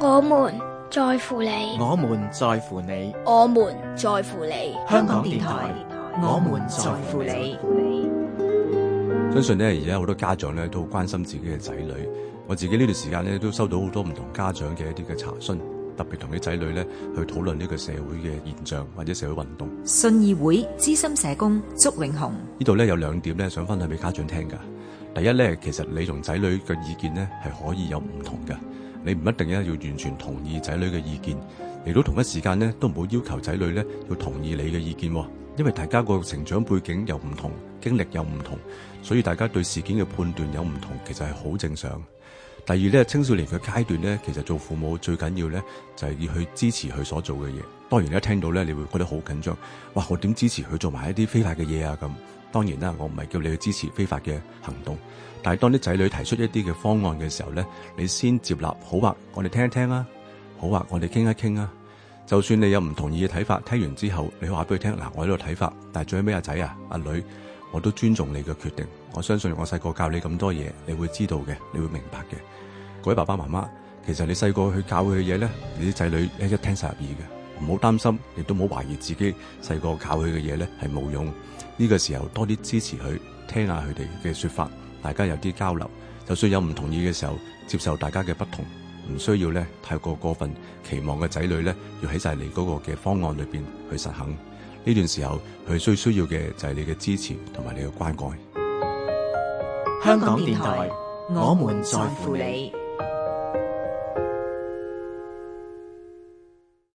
我們在乎你，我們在乎你，我們在乎你。香港電台，電台我們在乎你。相信呢，而家好多家長咧都好關心自己嘅仔女。我自己呢段時間咧都收到好多唔同家長嘅一啲嘅查詢。特別同啲仔女咧去討論呢個社會嘅現象或者社會運動。信義會資深社工竺永洪，呢度咧有兩點咧想分享俾家長聽㗎。第一咧，其實你同仔女嘅意見咧係可以有唔同嘅，你唔一定咧要完全同意仔女嘅意見。嚟到同一時間咧都唔好要，要求仔女咧要同意你嘅意見。哦，因為大家個成長背景又唔同，經歷又唔同，所以大家對事件嘅判斷有唔同，其實係好正常。第二咧，青少年嘅階段咧，其實做父母最緊要咧，就係要去支持佢所做嘅嘢。當然一聽到咧，你會覺得好緊張，哇！我點支持佢做埋一啲非法嘅嘢啊？咁當然啦，我唔係叫你去支持非法嘅行動。但係當啲仔女提出一啲嘅方案嘅時候咧，你先接納，好啊，我哋聽一聽啦，好啊，我哋傾一傾啊。就算你有唔同意嘅睇法，聽完之後，你話俾佢聽，嗱，我喺度睇法，但係最後尾啊，仔啊，阿女。我都尊重你嘅決定，我相信我細個教你咁多嘢，你會知道嘅，你會明白嘅。各位爸爸媽媽，其實你細個去教佢嘅嘢咧，你啲仔女一聽晒入耳嘅，唔好擔心，亦都唔好懷疑自己細個教佢嘅嘢咧係冇用。呢個時候多啲支持佢，聽下佢哋嘅說法，大家有啲交流。就算有唔同意嘅時候，接受大家嘅不同，唔需要咧太過過分期望嘅仔女咧，要喺晒你嗰個嘅方案裏邊去實行。呢段時候，佢最需要嘅就係你嘅支持同埋你嘅關愛。香港電台，我們在乎你。